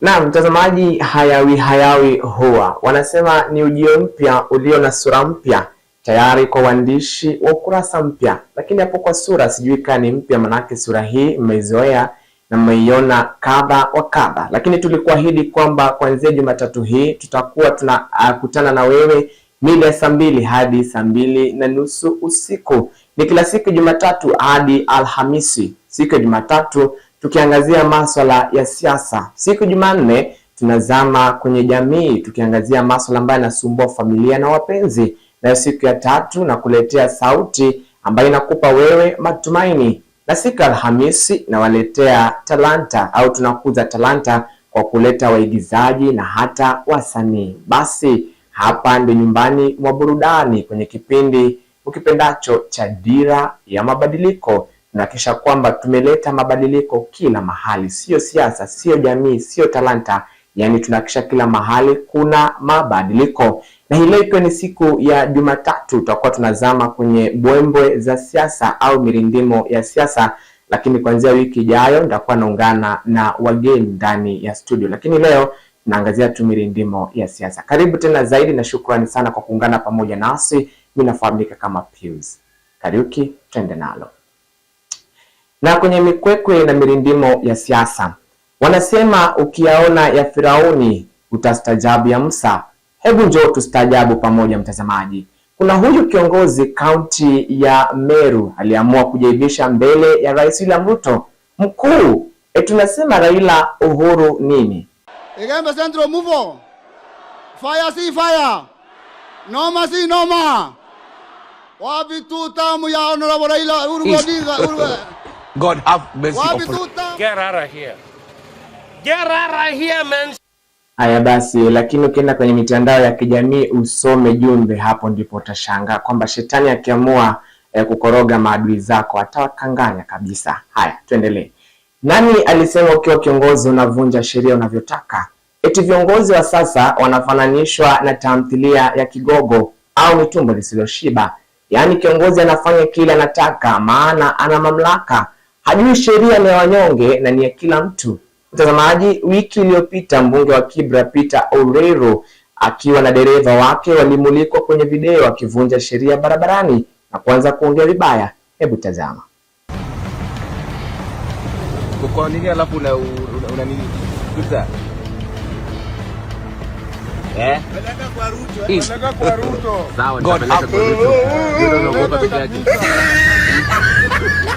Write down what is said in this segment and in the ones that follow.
Na mtazamaji, hayawi hayawi huwa wanasema ni ujio mpya ulio na sura mpya tayari kwa uandishi wa ukurasa mpya. Lakini hapo kwa sura, sijui kaa ni mpya, manake sura hii mmeizoea na mmeiona kadha wa kadha, lakini tulikuahidi kwamba kuanzia Jumatatu hii tutakuwa tunakutana na wewe mida ya saa mbili hadi saa mbili na nusu usiku. Ni kila siku Jumatatu hadi Alhamisi. Siku ya Jumatatu tukiangazia maswala ya siasa. Siku Jumanne tunazama kwenye jamii tukiangazia maswala ambayo yanasumbua familia na wapenzi, nayo siku ya tatu na kuletea sauti ambayo inakupa wewe matumaini na siku ya Alhamisi nawaletea talanta au tunakuza talanta kwa kuleta waigizaji na hata wasanii. Basi hapa ndio nyumbani mwa burudani kwenye kipindi ukipendacho cha Dira ya Mabadiliko. Tunahakikisha kwamba tumeleta mabadiliko kila mahali, siyo siasa, sio jamii, siyo talanta yaani tunahakikisha kila mahali kuna mabadiliko. Na hii leo ikiwa ni siku ya Jumatatu, tutakuwa tunazama kwenye bwembwe za siasa au mirindimo ya siasa, lakini kuanzia wiki ijayo nitakuwa naungana na wageni ndani ya studio, lakini leo naangazia tu mirindimo ya siasa. Karibu tena zaidi na shukrani sana kwa kuungana pamoja nasi. Mimi nafahamika kama Pius Kariuki, twende nalo na kwenye mikwekwe na mirindimo ya siasa Wanasema ukiyaona ya Firauni utastajabu ya Musa. Hebu njoo tustajabu pamoja, mtazamaji. Kuna huyu kiongozi kaunti ya Meru aliamua kujaibisha mbele ya Rais William Ruto mkuu. E, tunasema Raila Uhuru nini? Igembe Central muvo fire si fire, noma si noma, Wapi tu tamu ya honorable Raila Uhuru God have mercy upon. Get out of here. Haya basi, lakini ukienda kwenye mitandao ya kijamii usome jumbe, hapo ndipo utashangaa kwamba shetani akiamua eh, kukoroga maadui zako atawakanganya kabisa. Haya, tuendelee. Nani alisema ukiwa kiongozi unavunja sheria unavyotaka? Eti viongozi wa sasa wanafananishwa na tamthilia ya kigogo au ni tumbo lisiloshiba. Yaani kiongozi anafanya kile anataka, maana ana mamlaka, hajui sheria ni ya wanyonge na ni ya kila mtu. Mtazamaji, wiki iliyopita mbunge wa Kibra Peter Oreiro akiwa na dereva wake walimulikwa kwenye video akivunja sheria barabarani na kuanza kuongea vibaya. Hebu tazama.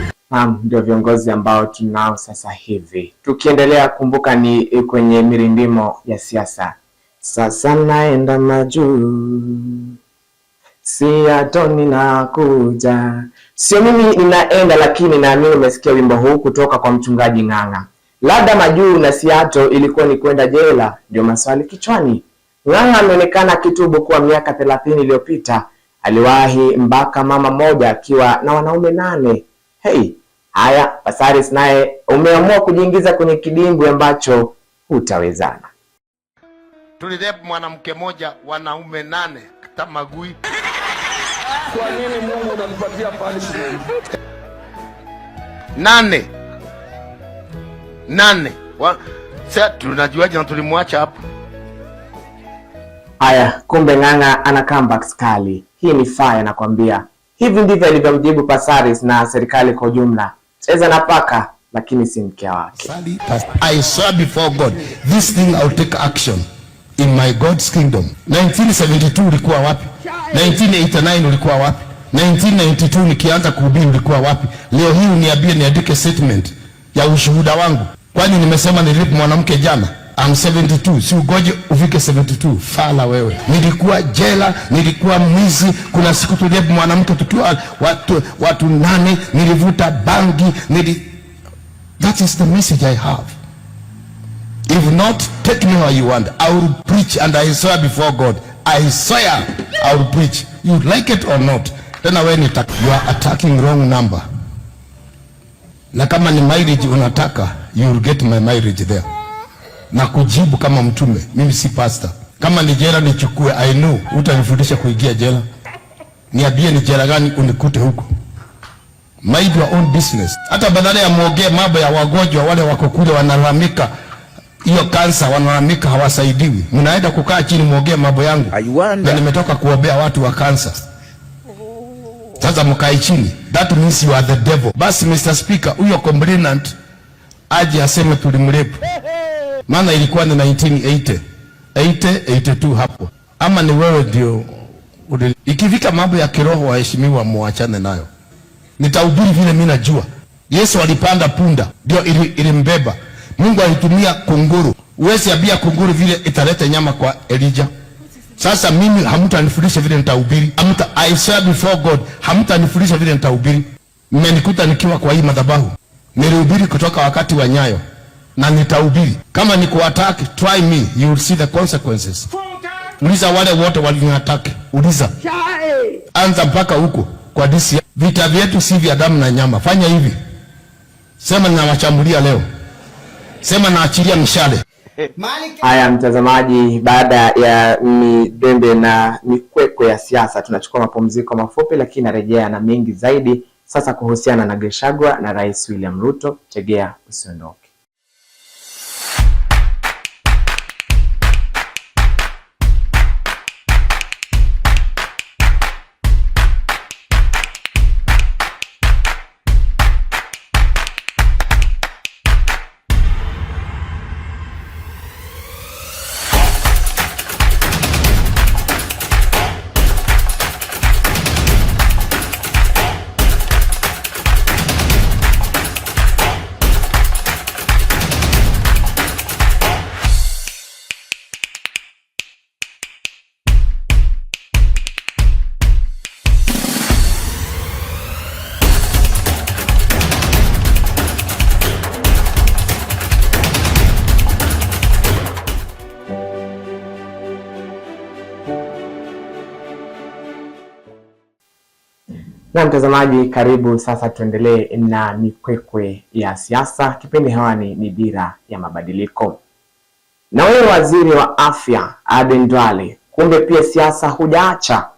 Naam, ndio viongozi ambao tunao sasa hivi. Tukiendelea, kumbuka ni kwenye mirindimo ya siasa. Sasa naenda majuu, siatoni kuja, sio mimi ninaenda, lakini naamini umesikia wimbo huu kutoka kwa mchungaji Ng'ang'a. Labda majuu na siato ilikuwa ni kwenda jela, ndio maswali kichwani. Ng'ang'a ameonekana akitubu kuwa miaka thelathini iliyopita aliwahi mbaka mama moja akiwa na wanaume nane. Hey, Haya, Pasaris naye umeamua kujiingiza kwenye kidimbwi ambacho utawezana. Tulidep mwanamke moja, wanaume nane, kata magui. Kwa nini Mungu unanipatia punishment? Nane. Nane. Wa, sasa tunajuaje na tulimwacha hapo? Haya, kumbe Ng'ang'a ana comeback kali. Hii ni fire nakwambia. Hivi ndivyo alivyomjibu Pasaris na serikali kwa ujumla cheza na paka lakini si mke wake. I swear before God this thing I'll take action in my God's kingdom. 1972 ulikuwa wapi? 1989 ulikuwa wapi? 1992 nikianza kuhubiri ulikuwa wapi? Leo hii uniambie niandike statement ya ushuhuda wangu, kwani nimesema nilipo mwanamke jana? I'm 72, si ugoje ufike 72, fala wewe. Nilikuwa jela, nilikuwa mwizi. Kuna siku tulihepa mwanamke tukiwa watu, watu nane, nilivuta bangi nili... That is the message I have. If not, take me where you want. I will preach and I swear before God. I swear I will preach. You like it or not. Tena wewe you are attacking wrong number. Na kama ni mileage unataka, you will get my mileage there na kujibu kama mtume. Mimi si pasta. Kama ni jela nichukue, I know utanifundisha kuingia jela. Niambie ni jela gani unikute huko. Mind your own business. Hata badala ya muongee mambo ya wagonjwa wale wako kule wanalalamika hiyo kansa, wanalalamika hawasaidiwi, mnaenda kukaa chini muongee mambo yangu, na nimetoka kuombea watu wa kansa. Sasa mkae chini, that means you are the devil. Basi Mr. Speaker, huyo complainant aje aseme tulimrepu maana ilikuwa ni 1980 80 82 hapo, ama ni wewe ndio ikifika mambo ya kiroho, waheshimiwa, muachane nayo. Nitahubiri vile mimi najua. Yesu alipanda punda, ndio ilimbeba. Mungu alitumia kunguru. Uwezi ambia kunguru vile italete nyama kwa Elija. Sasa mimi hamtanifundisha vile nitahubiri. Hamta, I swear before God, hamtanifundisha vile nitahubiri. Mmenikuta nikiwa kwa hii madhabahu. Nilihubiri kutoka wakati wa Nyayo na nitahubiri. Kama ni kuataki, try me, you will see the consequences. Uliza wale wote waliniataki, uliza, anza mpaka huko kwa DC. Vita vyetu si vya damu na nyama. Fanya hivi, sema ninawachambulia leo, sema naachilia mshale. Haya, mtazamaji, baada ya midembe na mikwekwe ya siasa, tunachukua mapumziko mafupi, lakini narejea na mengi zaidi sasa kuhusiana na Gachagua na Rais William Ruto. Tegea usiondoke. Na mtazamaji, karibu sasa, tuendelee na mikwekwe ya siasa. Kipindi hewani ni Dira ya Mabadiliko. Na wewe waziri wa afya Aden kumbe pia siasa hujaacha.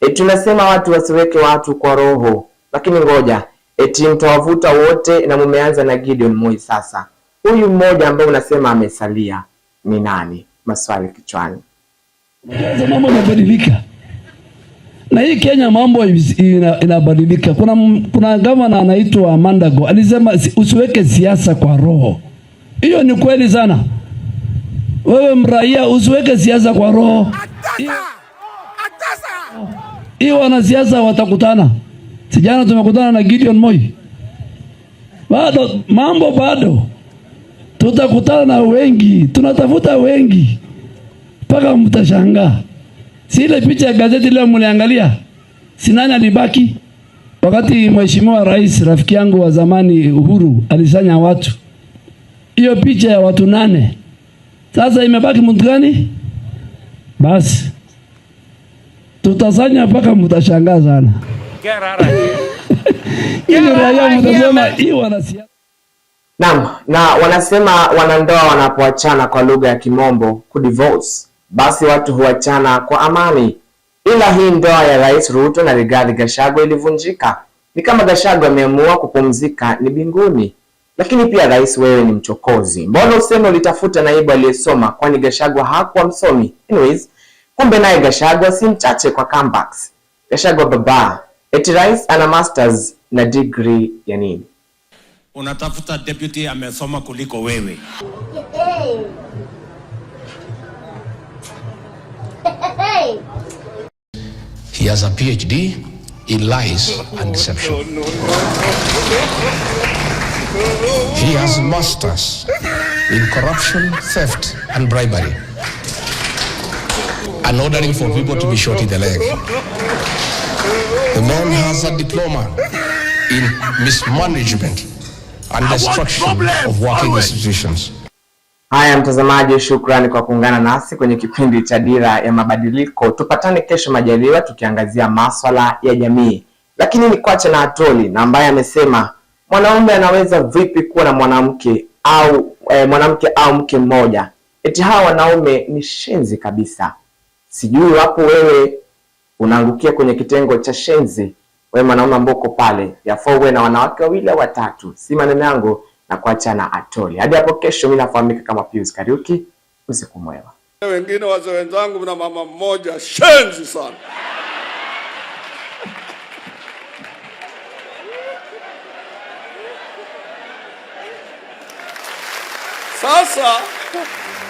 E, tunasema watu wasiweke watu kwa roho, lakini ngoja eti mtawavuta wote, na mumeanza na Gideon Moi. Sasa huyu mmoja ambaye unasema amesalia ni nani? Maswali kichwani. Ukianza mambo yanabadilika. Na hii Kenya mambo inabadilika. kuna kuna gavana anaitwa Mandago alisema usiweke siasa kwa roho. Hiyo ni kweli sana. Wewe mraia usiweke siasa kwa roho. Hiyo oh, wanasiasa watakutana. Sijana tumekutana na Gideon Moi. Bado mambo bado, tutakutana na wengi, tunatafuta wengi mpaka mtashangaa. Si ile picha ya gazeti leo mliangalia, si nani alibaki? Wakati mheshimiwa rais rafiki yangu wa zamani Uhuru alisanya watu, hiyo picha ya watu nane, sasa imebaki mtu gani? Basi tutasanya mpaka mtashangaa sana. Naam, na wanasema wanandoa wanapoachana kwa lugha ya Kimombo kudivorce basi watu huachana kwa amani. Ila hii ndoa ya Rais Ruto na Rigathi Gachagua ilivunjika. Ni kama Gachagua ameamua kupumzika ni binguni. Lakini pia rais, wewe ni mchokozi, mbona useme ulitafuta naibu aliyesoma? Kwani Gachagua hakuwa msomi? Anyways, kumbe naye Gachagua si mchache kwa comebacks. Gachagua baba, eti rais ana masters na degree ya nini? Unatafuta deputy amesoma kuliko wewe. has a PhD in lies and deception. He has masters in corruption, theft, and bribery, and ordering for people to be shot in the leg. The man has a diploma in mismanagement and destruction of working institutions. Haya mtazamaji, shukrani kwa kuungana nasi kwenye kipindi cha Dira ya Mabadiliko. Tupatane kesho majaliwa, tukiangazia maswala ya jamii. Lakini ni kwache na Atoli na ambaye amesema mwanaume anaweza vipi kuwa na mwanamke au e, mwanamke au mke mmoja? Eti hawa wanaume ni shenzi kabisa. Sijui wapo wewe unaangukia kwenye kitengo cha shenzi, wewe mwanaume ambao uko pale, yafaa uwe na wanawake wawili au watatu. Si maneno yangu na kuachana na Atoli. Hadi hapo kesho, mimi nafahamika kama Pius Kariuki. Usiku mwema. Wengine wazee wenzangu, na mama mmoja shenzi sana sasa